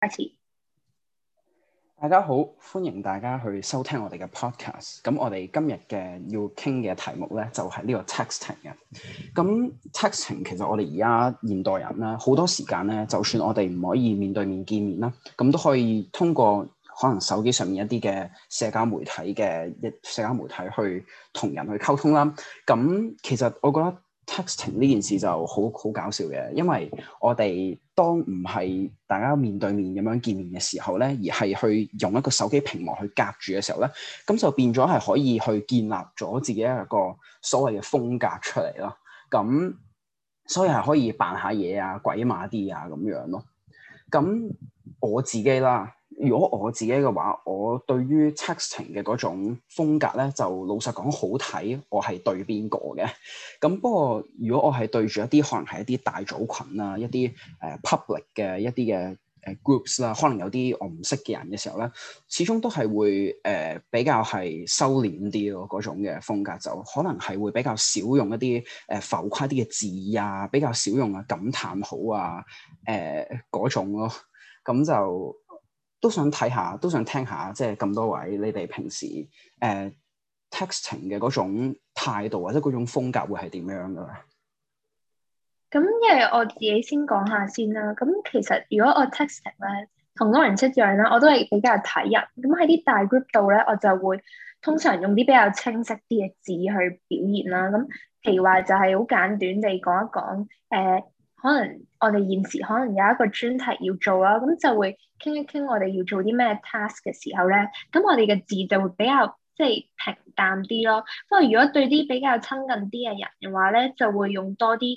Okay. 大家好，歡迎大家去收聽我哋嘅 podcast。咁我哋今日嘅要傾嘅題目咧，就係呢個 texting 嘅。咁 texting 其實我哋而家現代人啦，好多時間咧，就算我哋唔可以面對面見面啦，咁都可以通過可能手機上面一啲嘅社交媒體嘅一社交媒體去同人去溝通啦。咁其實我覺得。Texting 呢件事就好好搞笑嘅，因為我哋當唔係大家面對面咁樣見面嘅時候咧，而係去用一個手機屏幕去隔住嘅時候咧，咁就變咗係可以去建立咗自己一個所謂嘅風格出嚟咯。咁所以係可以扮下嘢啊、鬼馬啲啊咁樣咯。咁我自己啦。如果我自己嘅話，我對於 texting 嘅嗰種風格咧，就老實講好睇我係對邊個嘅。咁不過，如果我係對住一啲可能係一啲大組群啊，一啲誒、呃、public 嘅一啲嘅誒 groups 啦、啊，可能有啲我唔識嘅人嘅時候咧，始終都係會誒、呃、比較係收斂啲咯，嗰種嘅風格就可能係會比較少用一啲誒、呃、浮誇啲嘅字啊，比較少用啊感嘆號啊誒嗰、呃、種咯、啊。咁就～都想睇下，都想聽下，即係咁多位你哋平時誒、uh, texting 嘅嗰種態度或者嗰種風格會係點樣嘅？咁因為我自己先講下先啦。咁、嗯、其實如果我 texting 咧，同多人出樣啦，我都係比較睇人。咁喺啲大 group 度咧，我就會通常用啲比較清晰啲嘅字去表現啦。咁、嗯、譬如話就係好簡短地講一講誒。Uh, 可能我哋現時可能有一個專題要做啦，咁就會傾一傾我哋要做啲咩 task 嘅時候咧，咁我哋嘅字就會比較即係平淡啲咯。不過如果對啲比較親近啲嘅人嘅話咧，就會用多啲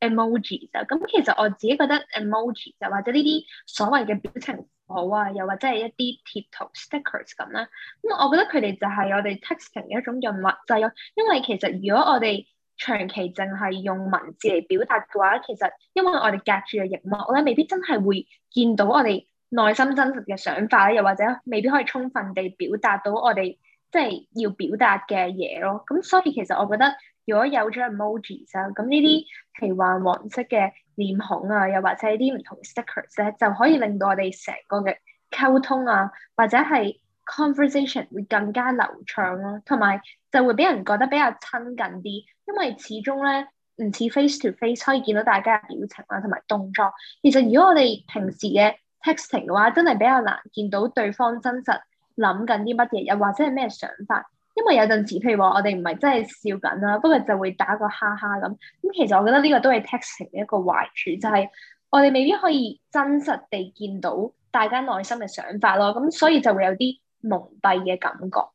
emoji 就咁。其實我自己覺得 emoji 就或者呢啲所謂嘅表情符號啊，又或者係一啲貼圖 stickers 咁啦。咁我覺得佢哋就係我哋 texting 嘅一種潤滑劑咯。就係、因為其實如果我哋長期淨係用文字嚟表達嘅話，其實因為我哋隔住個熒幕咧，未必真係會見到我哋內心真實嘅想法咧，又或者未必可以充分地表達到我哋即係要表達嘅嘢咯。咁所以其實我覺得如果有咗 emoji 啊，咁呢啲奇幻黃色嘅臉孔啊，又或者啲唔同嘅 sticker 咧，就可以令到我哋成個嘅溝通啊，或者係 conversation 會更加流暢咯，啊，同埋。就會俾人覺得比較親近啲，因為始終咧唔似 face to face 可以見到大家嘅表情啦，同埋動作。其實如果我哋平時嘅 texting 嘅話，真係比較難見到對方真實諗緊啲乜嘢，又或者係咩想法。因為有陣時，譬如話我哋唔係真係笑緊啦，不過就會打個哈哈咁。咁其實我覺得呢個都係 texting 嘅一個壞處，就係我哋未必可以真實地見到大家內心嘅想法咯。咁所以就會有啲蒙蔽嘅感覺。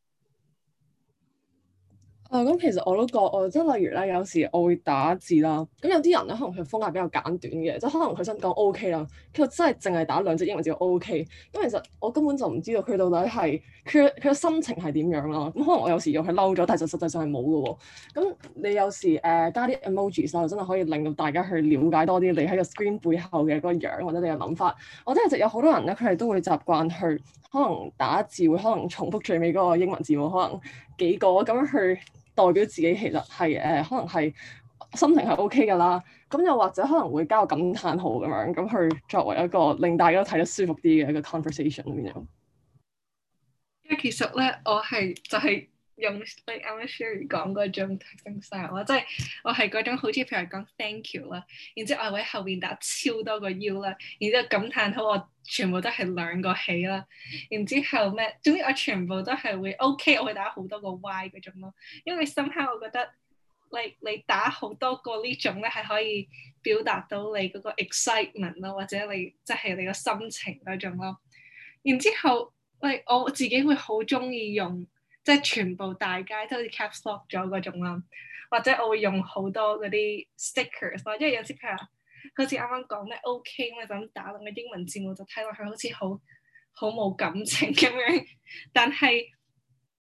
誒咁、嗯、其實我都覺，我即係例如咧，有時我會打字啦。咁有啲人咧，可能佢風格比較簡短嘅，即係可能佢想講 O.K. 啦，佢真係淨係打兩隻英文字 O.K. 咁其實我根本就唔知道佢到底係佢佢嘅心情係點樣啦。咁、嗯、可能我有時又係嬲咗，但係就實際上係冇嘅喎。咁你有時誒、呃、加啲 emoji 啦，就真係可以令到大家去了解多啲你喺個 screen 背後嘅個樣或者你嘅諗法。我真係有好多人咧，佢係都會習慣去可能打字會可能重複最尾嗰個英文字母可能幾個咁樣去。代表自己其實係誒，可能係心情係 OK 㗎啦。咁又或者可能會加個感嘆號咁樣，咁去作為一個令大家都睇得舒服啲嘅一個 conversation 咁樣 you know?。因為其實咧，我係就係、係。用 Sherie，我啱啱 share 講嗰種 thank you 啊，即係我係嗰種好似譬如講 thank you 啦，然之後我喺後邊打超多個 you 啦，然之後感嘆號我全部都係兩個起啦，然之後咩？總之我全部都係會 OK，我會打好多個 Y 嗰種咯，因為 somehow 我覺得 l、like，你打好多個呢種咧，係可以表達到你嗰個 excitement 咯，或者你即係、就是、你個心情嗰種咯。然之後，喂、like，我自己會好中意用。即係全部大街都好似 caps lock 咗嗰種啦，或者我會用好多嗰啲 sticker，因為有啲譬如好似啱啱講咩 OK 咁就咁打落個英文字母，就睇落去好似好好冇感情咁樣。但係誒、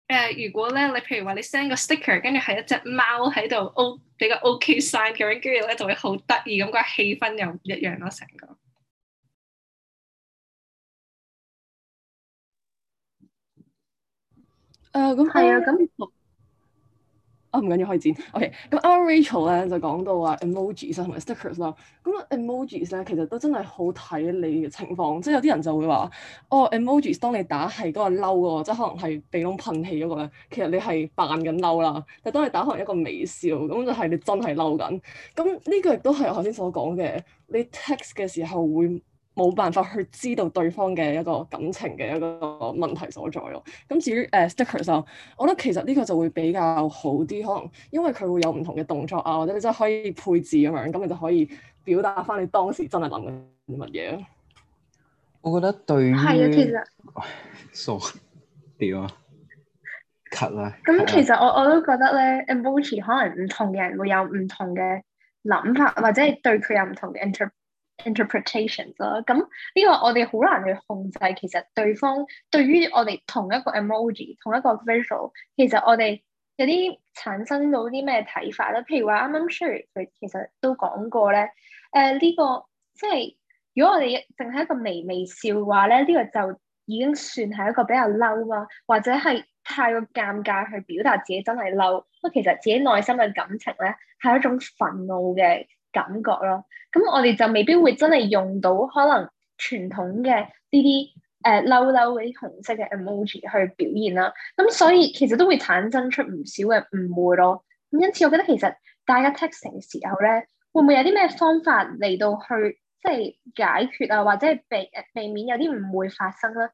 呃，如果咧你譬如話你 send 個 sticker，跟住係一隻貓喺度 O 俾個 OK sign 咁樣，跟住咧就會好得意咁，個氣氛又唔一樣咯，成個。誒咁係啊，咁啊唔緊要可以剪。OK，咁阿 Rachel 咧就講到話 emojis 同埋 stickers 啦。咁 emojis 咧其實都真係好睇你嘅情況，即係有啲人就會話：哦，emojis 當你打係嗰個嬲喎，即係可能係鼻窿噴氣嗰個咧。其實你係扮緊嬲啦。但當你打可能一個微笑，咁就係你真係嬲緊。咁呢個亦都係我頭先所講嘅，你 text 嘅時候會，冇辦法去知道對方嘅一個感情嘅一個問題所在咯、啊。咁至於誒、呃、sticker 就、啊，我覺得其實呢個就會比較好啲，可能因為佢會有唔同嘅動作啊，或者你真係可以配字咁樣，咁你就可以表達翻你當時真係諗緊啲乜嘢咯。我覺得對於係啊，其實傻屌 cut 啦。咁、嗯、的其實我我都覺得咧 emoji 可能唔同嘅人會有唔同嘅諗法，或者係對佢有唔同嘅 inter interpretations 啦，咁呢個我哋好難去控制。其實對方對於我哋同一個 emoji、同一個 visual，其實我哋有啲產生到啲咩睇法咧？譬如話啱啱 Sherie 佢其實都講過咧，誒、呃、呢、這個即係如果我哋淨係一個微微笑話咧，呢、這個就已經算係一個比較嬲啦，或者係太過尷尬去表達自己真係嬲，不過其實自己內心嘅感情咧係一種憤怒嘅。感覺咯，咁我哋就未必會真係用到可能傳統嘅呢啲誒嬲嬲啲紅色嘅 emoji 去表現啦。咁、嗯、所以其實都會產生出唔少嘅誤會咯。咁因此，我覺得其實大家 texting 嘅時候咧，會唔會有啲咩方法嚟到去即係解決啊，或者係避避免有啲誤會發生咧？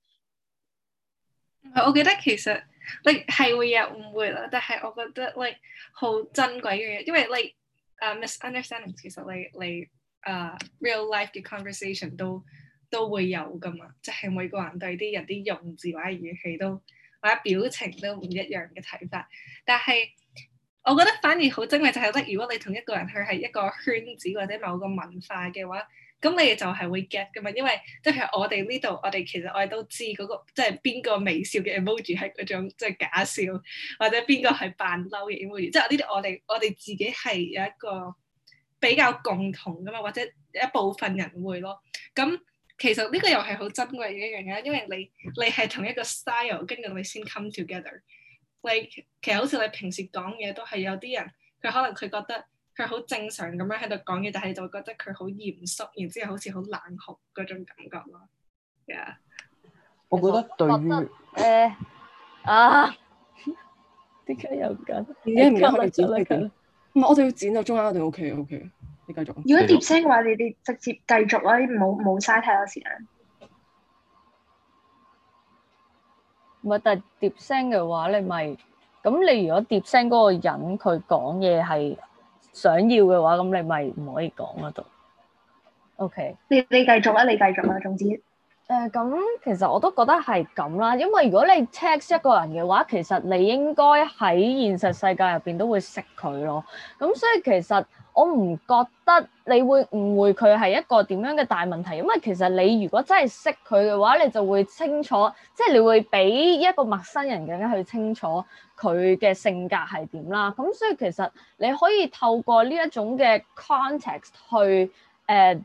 我記得其實你係會有誤會啦，但係我覺得咧好珍貴嘅嘢，因為你。啊，misunderstanding 其實你你啊，real life 嘅 conversation 都都會有噶嘛，即係每個人對啲人啲用字或者語氣都或者表情都唔一樣嘅睇法。但係我覺得反而好精微，就係得如果你同一個人佢係一個圈子或者某個文化嘅話。咁你就係會 get 噶嘛，因為即係、就是、我哋呢度，我哋其實我哋都知嗰、那個即係邊個微笑嘅 emoji 係嗰種即係假笑，或者邊個係扮嬲嘅 emoji，即係呢啲我哋我哋自己係有一個比較共同噶嘛，或者一部分人會咯。咁其實呢個又係好珍貴嘅一樣嘢，因為你你係同一個 style 跟住你先 come together。你、like，其實好似你平時講嘢都係有啲人，佢可能佢覺得。佢好正常咁樣喺度講嘢，但係就會覺得佢好嚴肅，然之後好似好冷酷嗰種感覺咯。係啊，我覺得對於誒 啊，點解又唔緊？點解唔緊？唔係我哋得要剪到中間我哋 O K O K，你繼續。如果疊聲嘅話，你哋直接繼續啦，冇冇嘥太多時間。唔係，但係疊聲嘅話，你咪咁。你如果疊聲嗰個人佢講嘢係。想要嘅話，咁你咪唔可以講嗰度。OK，你你繼續啊，你繼續啊，總之。誒咁、呃，其實我都覺得係咁啦，因為如果你 text 一個人嘅話，其實你應該喺現實世界入邊都會識佢咯。咁所以其實我唔覺得你會誤會佢係一個點樣嘅大問題，因為其實你如果真係識佢嘅話，你就會清楚，即係你會比一個陌生人更加去清楚佢嘅性格係點啦。咁所以其實你可以透過呢一種嘅 context 去誒、呃，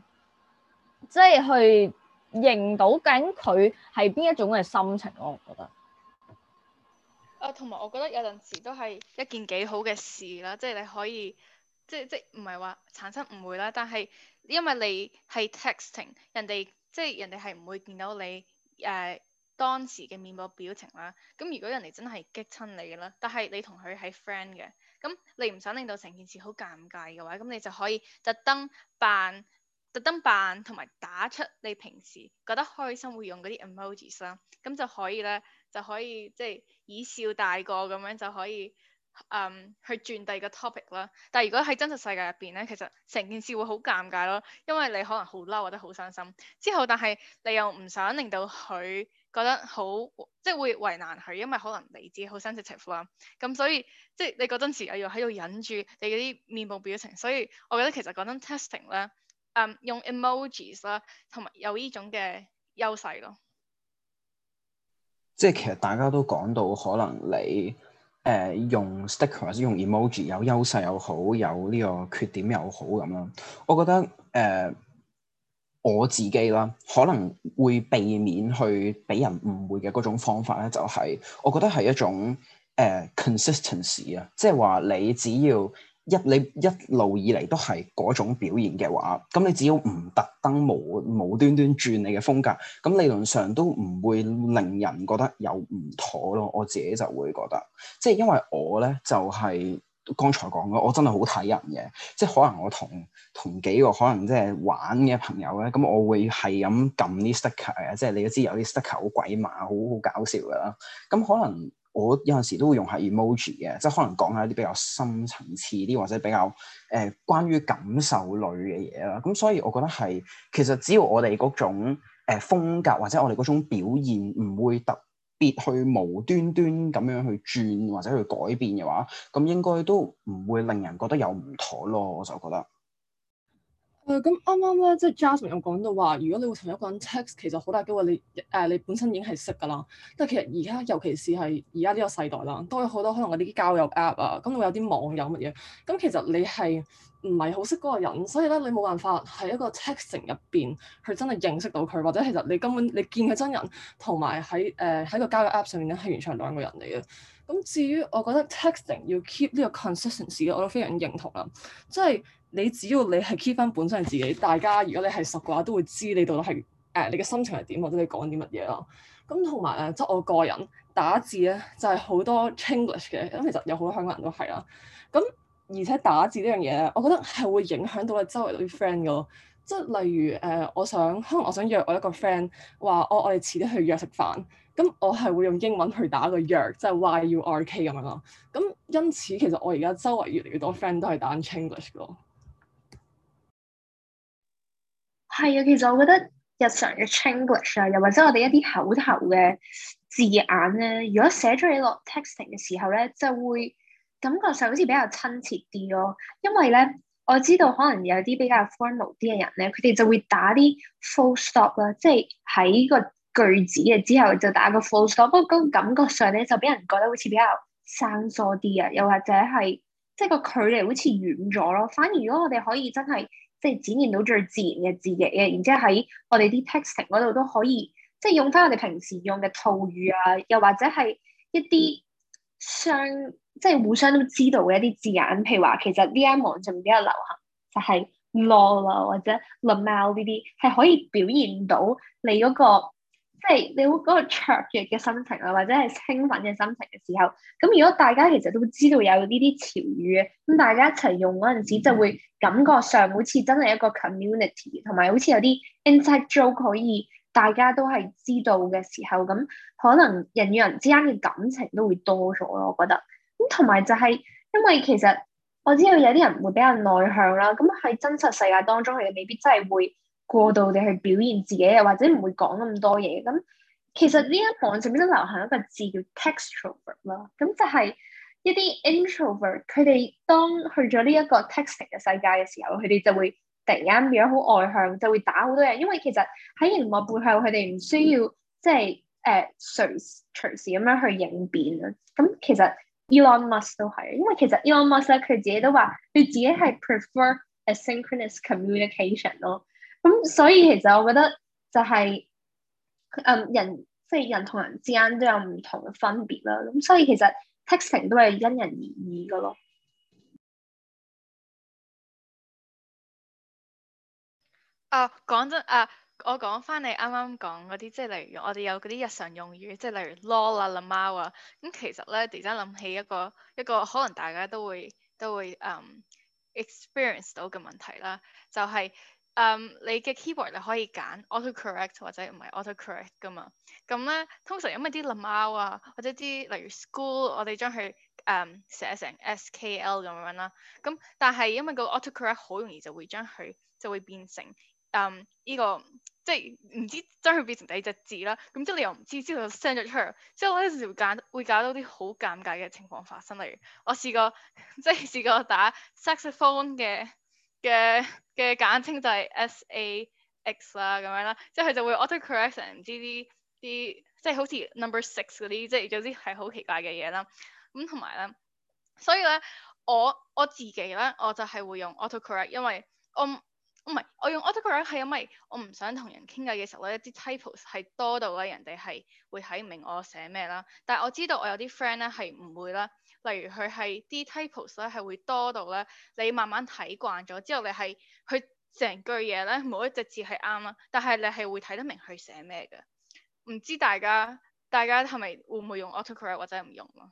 即係去。認到緊佢係邊一種嘅心情，我覺得。誒，同埋我覺得有陣時都係一件幾好嘅事啦，即係你可以，即即唔係話產生誤會啦。但係因為你係 texting，人哋即係人哋係唔會見到你誒當時嘅面部表情啦。咁如果人哋真係激親你嘅啦，但係你同佢係 friend 嘅，咁你唔想令到成件事好尷尬嘅話，咁你就可以特登扮。特登扮同埋打出你平時覺得開心會用嗰啲 emoji 啦，咁就可以咧，就可以即係、就是、以笑帶過咁樣就可以，嗯，去轉第二個 topic 啦。但係如果喺真實世界入邊咧，其實成件事會好尷尬咯，因為你可能好嬲或者好傷心之後，但係你又唔想令到佢覺得好，即、就、係、是、會為難佢，因為可能你自己好真實情況啦。咁所以即係、就是、你嗰陣時又要喺度忍住你嗰啲面部表情，所以我覺得其實講真 texting 咧。誒、嗯、用 emojis 啦，同埋有呢種嘅優勢咯。即係其實大家都講到，可能你誒、呃、用 sticker 或者用 emoji 有優勢又好，有呢個缺點又好咁啦。我覺得誒、呃、我自己啦，可能會避免去俾人誤會嘅嗰種方法咧、就是，就係我覺得係一種誒、呃、consistency 啊，即係話你只要。一你一路以嚟都係嗰種表現嘅話，咁你只要唔特登無無端端轉你嘅風格，咁理論上都唔會令人覺得有唔妥咯。我自己就會覺得，即係因為我咧就係、是、剛才講嘅，我真係好睇人嘅。即係可能我同同幾個可能即係玩嘅朋友咧，咁我會係咁撳啲 sticker 啊，即係你都知有啲 sticker 好鬼馬，好好搞笑噶啦。咁可能。我有陣時都會用下 emoji 嘅，即係可能講下一啲比較深層次啲，或者比較誒、呃、關於感受類嘅嘢啦。咁所以我覺得係其實只要我哋嗰種誒、呃、風格或者我哋嗰種表現唔會特別去無端端咁樣去轉或者去改變嘅話，咁應該都唔會令人覺得有唔妥咯。我就覺得。誒，咁啱啱咧，即係 Jasmine 又講到話，如果你會同一個人 text，其實好大機會你誒、呃、你本身已經係識噶啦。但係其實而家尤其是係而家呢個世代啦，都有好多可能嗰啲交友 app 啊，咁、嗯、會有啲網友乜嘢。咁、嗯、其實你係唔係好識嗰個人，所以咧你冇辦法喺一個 text 入邊去真係認識到佢，或者其實你根本你見佢真人，同埋喺誒喺個交友 app 上面咧係完全兩個人嚟嘅。咁、嗯、至於我覺得 texting 要 keep 呢個 consistency 我都非常認同啦，即係。你只要你係 keep 翻本身自己，大家如果你係熟嘅話，都會知你到底係誒你嘅心情係點或者你講啲乜嘢咯。咁同埋誒，即、就、係、是、我個人打字咧就係好多 Chinglish 嘅，咁其實有好多香港人都係啦。咁而且打字呢樣嘢咧，我覺得係會影響到你周圍啲 friend 噶。即係例如誒，我想可能我想約我一個 friend 話、哦、我我哋遲啲去約食飯，咁我係會用英文去打個約，即係、就是、Y U R K 咁樣咯。咁因此其實我而家周圍越嚟越多 friend 都係打 Chinglish 噶。係啊，其實我覺得日常嘅 Chinglish 啊，又或者我哋一啲口頭嘅字眼咧，如果寫出嚟落 text 嘅時候咧，就會感覺上好似比較親切啲咯。因為咧，我知道可能有啲比較 formal 啲嘅人咧，佢哋就會打啲 full stop 啦，即係喺個句子嘅之後就打個 full stop。不過嗰個感覺上咧，就俾人覺得好似比較生疏啲啊，又或者係即係個距離好似遠咗咯。反而如果我哋可以真係～即係展現到最自然嘅自己啊！然之後喺我哋啲 text 嗰度都可以，即係用翻我哋平時用嘅套語啊，又或者係一啲相，即係互相都知道嘅一啲字眼。譬如話，其實呢家網上比較流行就係、是、law 啊，或者 lemail 呢啲，係可以表現到你嗰、那個。即係你會嗰個雀躍嘅心情啊，或者係興奮嘅心情嘅時候，咁如果大家其實都知道有呢啲潮語，咁大家一齊用嗰陣時，就會感覺上好似真係一個 community，同埋好似有啲 inside joke 可以大家都係知道嘅時候，咁可能人與人之間嘅感情都會多咗咯，我覺得。咁同埋就係、是、因為其實我知道有啲人會比較內向啦，咁喺真實世界當中，佢哋未必真係會過度地去表現自己，又或者唔會講咁多嘢。咁其實呢一網上面都流行一個字叫 textrovert 啦。咁就係一啲 introvert，佢哋當去咗呢一個 texting 嘅世界嘅時候，佢哋就會突然間變咗好外向，就會打好多嘢。因為其實喺螢幕背後，佢哋唔需要即係誒隨隨時咁樣去應變啦。咁其實 Elon Musk 都係，因為其實 Elon Musk 佢自己都話，佢自己係 prefer asynchronous communication 咯。咁、嗯、所以其實我覺得就係、是，嗯人即係人同人之間都有唔同嘅分別啦。咁、嗯、所以其實 texting 都係因人而異嘅咯。啊，講真啊，我講翻你啱啱講嗰啲，即係例如我哋有嗰啲日常用語，即係例如 law 攞啊、撚貓啊。咁、嗯、其實咧，突然間諗起一個一個可能大家都會都會嗯、um, experience 到嘅問題啦，就係、是。誒，um, 你嘅 keyboard 你可以揀 auto correct 或者唔係 auto correct 噶嘛？咁、嗯、咧，通常因為啲字母啊，或者啲例如 school，我哋將佢誒寫成 s k l 咁樣啦。咁、嗯、但係因為個 auto correct 好容易就會將佢就會變成誒依、um, 這個，即係唔知將佢變成第二隻字啦。咁之後你又唔知，之後就 send 咗出去，即係我陣時會揀會搞到啲好尷尬嘅情況發生。例如我試過，即係試過打 saxophone 嘅。嘅嘅簡稱就係 SAX 啦咁樣啦，即係佢就會 auto correct 唔知啲啲即係好似 number six 嗰啲，即係總之係好奇怪嘅嘢啦。咁同埋咧，所以咧我我自己咧我就係會用 auto correct，因為我唔唔係我用 auto correct 係因為我唔想同人傾偈嘅時候咧啲 typo 係多到咧人哋係會睇唔明我寫咩啦。但係我知道我有啲 friend 咧係唔會啦。例如佢係啲 typos 咧，係會多到咧，你慢慢睇慣咗之後你，你係佢成句嘢咧冇一隻字係啱啦，但係你係會睇得明佢寫咩嘅。唔知大家大家係咪會唔會用 autocorrect 或者唔用咯？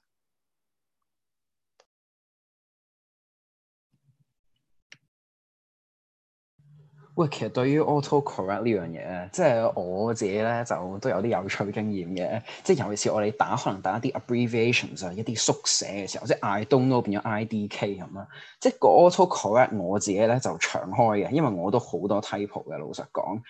喂，其實對於 auto correct 呢樣嘢咧，即係我自己咧就都有啲有趣經驗嘅，即係尤其是我哋打可能打一啲 abbreviations 就一啲縮寫嘅時候，即係 I Don't Know 變咗 IDK 咁啦。即係個 auto correct 我自己咧就長開嘅，因為我都好多 typo 嘅老實講。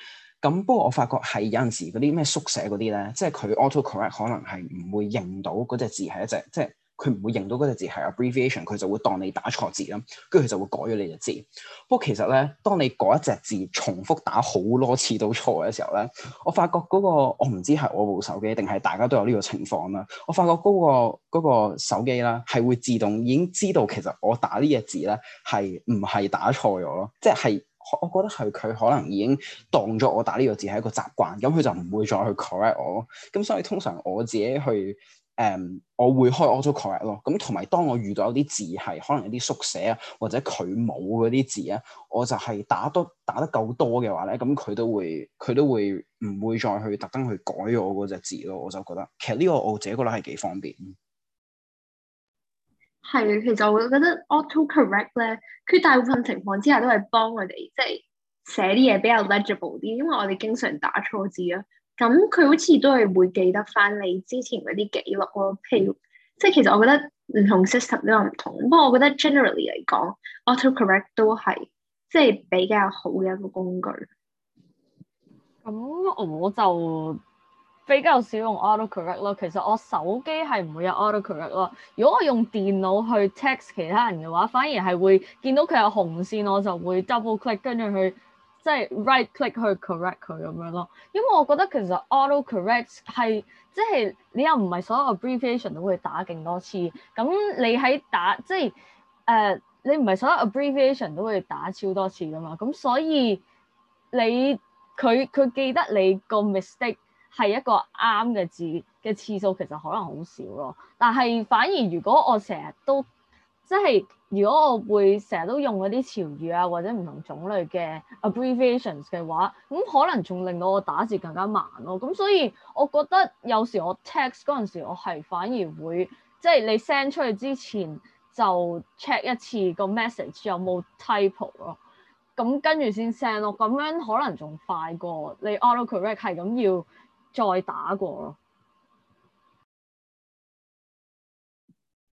咁不過我發覺係有陣時嗰啲咩縮寫嗰啲咧，即係佢 auto correct 可能係唔會認到嗰隻字係一隻即係。佢唔會認到嗰隻字係 abbreviation，佢就會當你打錯字啦，跟住佢就會改咗你隻字。不過其實咧，當你嗰一隻字重複打好多次都錯嘅時候咧，我發覺嗰個，我唔知係我部手機定係大家都有呢個情況啦。我發覺嗰個嗰個手機啦，係會自動已經知道其實我打呢隻字咧係唔係打錯咗咯，即係。我覺得係佢可能已經當咗我打呢個字係一個習慣，咁佢就唔會再去 correct 我。咁所以通常我自己去誒、嗯，我會開 auto correct 咯。咁同埋當我遇到一啲字係可能有啲縮寫啊，或者佢冇嗰啲字咧，我就係打多打得夠多嘅話咧，咁佢都會佢都會唔會再去特登去改我嗰隻字咯。我就覺得其實呢個我自己覺得係幾方便。係，其實我會覺得 auto correct 咧，佢大部分情況之下都係幫我哋即係寫啲嘢比較 legible 啲，因為我哋經常打錯字啊。咁佢好似都係會記得翻你之前嗰啲記錄咯。譬如，即係其實我覺得唔同 system 都有唔同，不過我覺得 generally 嚟講，auto correct 都係即係比較好嘅一個工具。咁、嗯、我就，比較少用 auto correct 咯。其實我手機係唔會有 auto correct 咯。如果我用電腦去 text 其他人嘅話，反而係會見到佢有紅線，我就會 double click 跟住去即係、就是、right click 去 correct 佢咁樣咯。因為我覺得其實 auto correct 係即係、就是、你又唔係所有 abbreviation 都會打勁多次，咁你喺打即係誒，就是 uh，你唔係所有 abbreviation 都會打超多次㗎嘛。咁所以你佢佢記得你個 mistake。係一個啱嘅字嘅次數其實可能好少咯，但係反而如果我成日都即係，如果我會成日都用嗰啲潮語啊或者唔同種類嘅 abbreviations 嘅話，咁可能仲令到我打字更加慢咯、啊。咁所以我覺得有時我 text 嗰陣時，我係反而會即係你 send 出去之前就 check 一次個 message 有冇 typo 咯、啊，咁跟住先 send 咯，咁樣可能仲快過你 auto correct 係咁要再打過咯。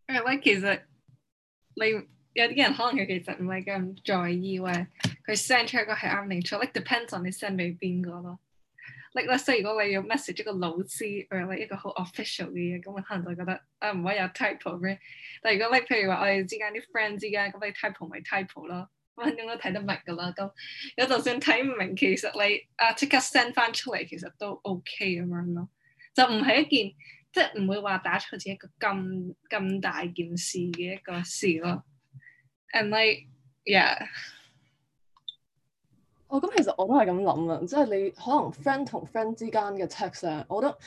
誒，喂，其實你有啲人可能佢其實唔係咁在意，喂，佢 send 出一個係啱定錯，like depends on 你 send 俾邊個咯。like 咧，即係如果你要 message 一個老師，或者一個好 official 嘅嘢，咁我可能就覺得啊唔可以有 typo 咩。但係如果 like 譬如話我哋之間啲 friend 之間，咁你 typo 咪 typo 咯。五分鐘都睇得明噶啦，咁有就算睇唔明，其實你啊即刻 send 返出嚟，like, uh, back, 其實都 OK 咁樣咯，就唔係一件即係唔會話打錯字一個咁咁大件事嘅一個事咯。And like, yeah。哦，咁其實我都係咁諗啦，即係你可能 friend 同 friend 之間嘅 text 咧，我覺得。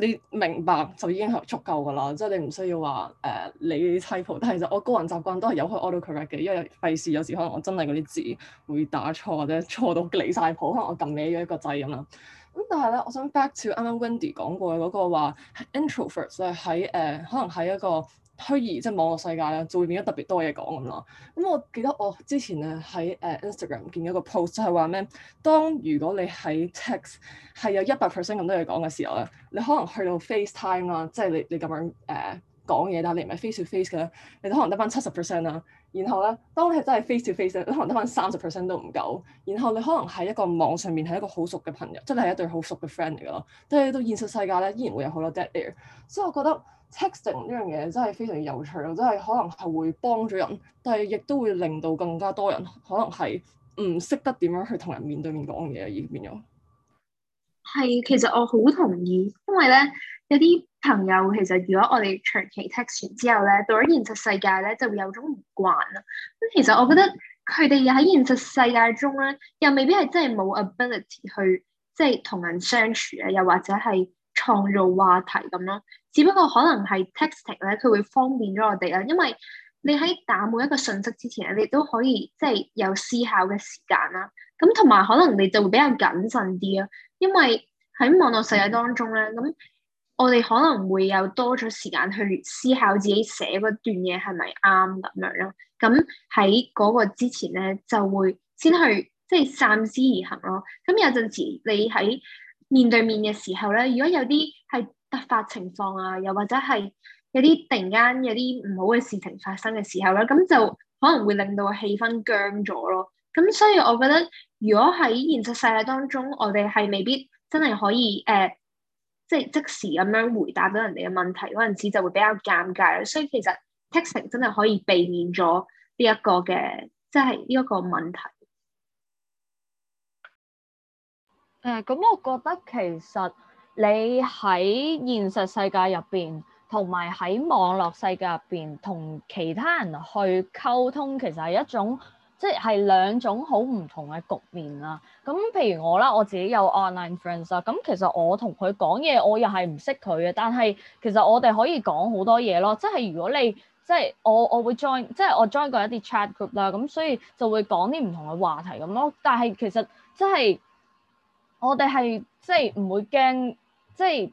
你明白就已經係足夠㗎啦，即係你唔需要話誒你砌譜。呃、type, 但係其實我個人習慣都係有開 auto correct 嘅，因為有費事有時可能我真係嗰啲字會打錯或者錯到離晒譜，可能我撳歪咗一個掣咁啦。咁但係咧，我想 back to 啱啱 Wendy 講過嗰個話 introverts 喺誒、呃、可能喺一個。虛擬即係網絡世界咧，就會變咗特別多嘢講咁咯。咁我記得我之前咧喺誒 Instagram 見咗一個 post 就係話咩？當如果你喺 text 係有一百 percent 咁多嘢講嘅時候咧，你可能去到 FaceTime 啦，即係你、uh, 你咁樣誒講嘢，但係你唔係 face to face 嘅，你都可能得翻七十 percent 啦。然後咧，當你係真係 face to face，你可能得翻三十 percent 都唔夠。然後你可能喺一個網上面係一個好熟嘅朋友，即係你係一對好熟嘅 friend 嚟噶咯，但係到現實世界咧，依然會有好多 dead air。所以我覺得。Texting 呢樣嘢真係非常有趣咯，真係可能係會幫咗人，但係亦都會令到更加多人可能係唔識得點樣去同人面對面講嘢而變咗。係，其實我好同意，因為咧有啲朋友其實如果我哋長期 texting 之後咧，到咗現實世界咧就會有種唔慣啦。咁其實我覺得佢哋喺現實世界中咧，又未必係真係冇 ability 去即係同人相處呀，又或者係。創造話題咁咯，只不過可能係 texting 咧，佢會方便咗我哋啦。因為你喺打每一個信息之前咧，你都可以即係、就是、有思考嘅時間啦。咁同埋可能你就會比較謹慎啲啊，因為喺網絡世界當中咧，咁我哋可能會有多咗時間去思考自己寫嗰段嘢係咪啱咁樣咯。咁喺嗰個之前咧，就會先去即係、就是、三思而行咯。咁有陣時你喺面對面嘅時候咧，如果有啲係突發情況啊，又或者係有啲突然間有啲唔好嘅事情發生嘅時候咧，咁就可能會令到個氣氛僵咗咯。咁所以我覺得，如果喺現實世界當中，我哋係未必真係可以誒，呃即係、即係即時咁樣回答到人哋嘅問題嗰陣時，就會比較尷尬啦。所以其實 texting 真係可以避免咗呢一個嘅，即係呢一個問題。誒，咁、嗯、我覺得其實你喺現實世界入邊，同埋喺網絡世界入邊，同其他人去溝通，其實係一種即係兩種好唔同嘅局面啦、啊。咁，譬如我啦，我自己有 online friends 啦，咁其實我同佢講嘢，我又係唔識佢嘅，但係其實我哋可以講好多嘢咯。即係如果你即係我我會 join，即係我 join 過一啲 chat group 啦，咁所以就會講啲唔同嘅話題咁咯。但係其實即係。我哋係即係唔會驚，即係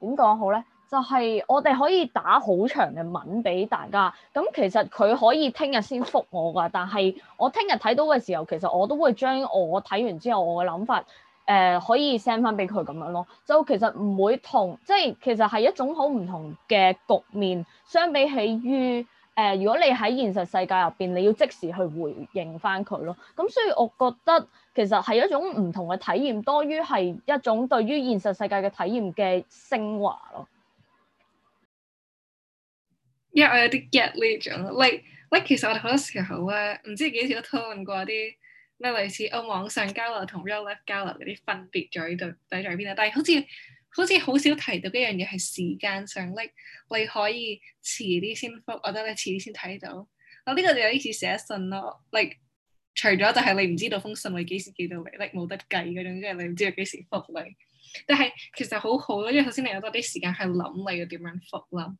點講好咧？就係、是、我哋可以打好長嘅文俾大家。咁其實佢可以聽日先覆我噶，但係我聽日睇到嘅時候，其實我都會將我睇完之後我嘅諗法，誒、呃、可以 send 翻俾佢咁樣咯。就其實唔會同，即係其實係一種好唔同嘅局面，相比起於。誒，如果你喺現實世界入邊，你要即時去回應翻佢咯。咁所以我覺得其實係一種唔同嘅體驗，多於係一種對於現實世界嘅體驗嘅升華咯。因 e 我有啲 get 你張啦。Like，其實我好多時候啊，唔知幾多都討論過啲咩，類似、哦、網上交流同 real life 交流嗰啲分別在於在在邊啊？但係好似。好似好少提到一樣嘢係時間上 l、like，你可以遲啲先覆，或者你遲啲先睇到。我、啊、呢、這個就有啲似寫信咯 l、like，除咗就係你唔知道封信你幾時寄到嚟、like，你冇得計嗰種，即係你唔知道幾時覆你。但係其實好好咯，因為首先你有多啲時間去諗你要點樣覆啦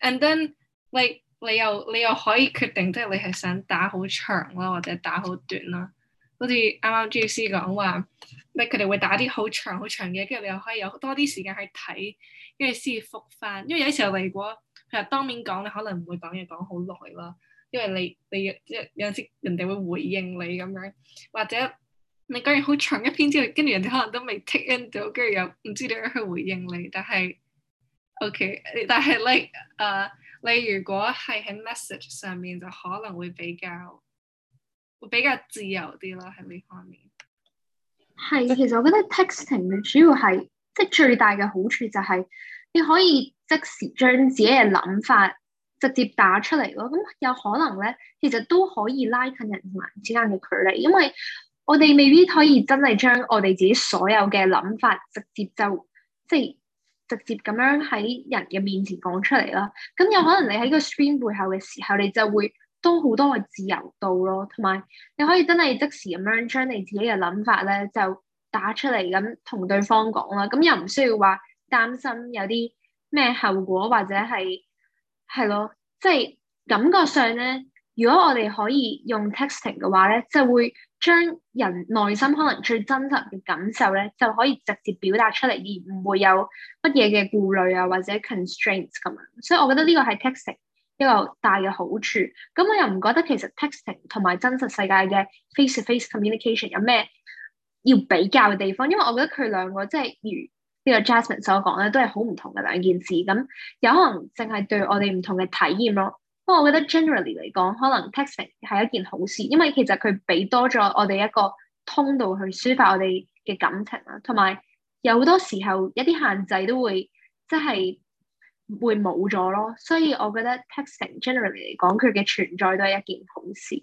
，and then l、like，你又你又可以決定即係你係想打好長咯，或者打好短啦。好似啱啱 J.C. 講話，咩佢哋會打啲好長好長嘅，跟住你又可以有多啲時間去睇，跟住先覆返。因為有啲時候嚟講，其實當面講你可能唔會講嘢講好耐咯，因為你你即有陣時人哋會回應你咁樣，或者你講完好長一篇之後，跟住人哋可能都未 take in 到，跟住又唔知點樣去回應你。但係，OK，但係咧，誒，你如果係喺 message 上面，就可能會比較。會比較自由啲咯，喺呢方面。係，其實我覺得 texting 嘅主要係，即係最大嘅好處就係，你可以即時將自己嘅諗法直接打出嚟咯。咁有可能咧，其實都可以拉近人同人之間嘅距離，因為我哋未必可以真係將我哋自己所有嘅諗法直接就，即係直接咁樣喺人嘅面前講出嚟啦。咁有可能你喺個 stream 背後嘅時候，你就會。都好多嘅自由度咯，同埋你可以真係即時咁樣將你自己嘅諗法咧就打出嚟，咁同對方講啦，咁又唔需要話擔心有啲咩後果或者係係咯，即係感覺上咧，如果我哋可以用 texting 嘅話咧，即係會將人內心可能最真實嘅感受咧就可以直接表達出嚟，而唔會有乜嘢嘅顧慮啊或者 constraints 咁樣，所以我覺得呢個係 texting。一個大嘅好處，咁我又唔覺得其實 texting 同埋真實世界嘅 face-to-face communication 有咩要比較嘅地方，因為我覺得佢兩個即係如呢個 Jasmine 所講咧，都係好唔同嘅兩件事，咁有可能淨係對我哋唔同嘅體驗咯。不過我覺得 generally 嚟講，可能 texting 係一件好事，因為其實佢俾多咗我哋一個通道去抒發我哋嘅感情啦，同埋有好多時候一啲限制都會即係。會冇咗咯，所以我覺得 texting generally 嚟講，佢嘅存在都係一件好事。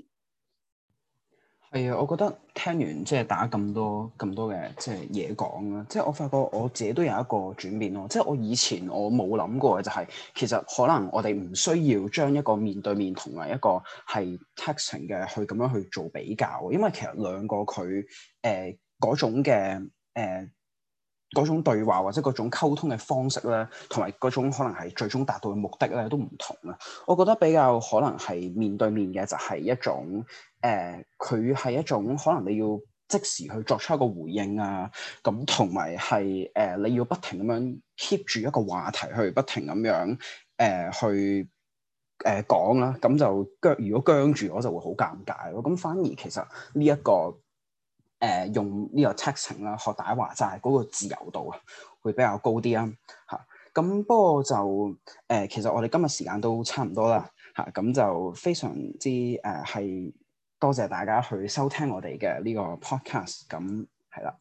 係啊，我覺得聽完即係打咁多咁多嘅即係嘢講啊，即係我發覺我自己都有一個轉變咯。即係我以前我冇諗過嘅就係，其實可能我哋唔需要將一個面對面同埋一個係 texting 嘅去咁樣去做比較，因為其實兩個佢誒嗰種嘅誒。呃嗰種對話或者嗰種溝通嘅方式咧，同埋嗰種可能係最終達到嘅目的咧，都唔同啊！我覺得比較可能係面對面嘅就係一種誒，佢、呃、係一種可能你要即時去作出一個回應啊，咁同埋係誒你要不停咁樣 keep 住一個話題去不停咁樣誒去誒講啦，咁、呃、就僵。如果僵住，我就會好尷尬咯。咁反而其實呢、這、一個誒、呃、用呢個 texting 啦，學大家話齋嗰個自由度啊，會比較高啲啊，嚇咁不過就誒、呃，其實我哋今日時間都差唔多啦，嚇、啊、咁就非常之誒，係、啊、多謝大家去收聽我哋嘅呢個 podcast，咁、啊、係啦。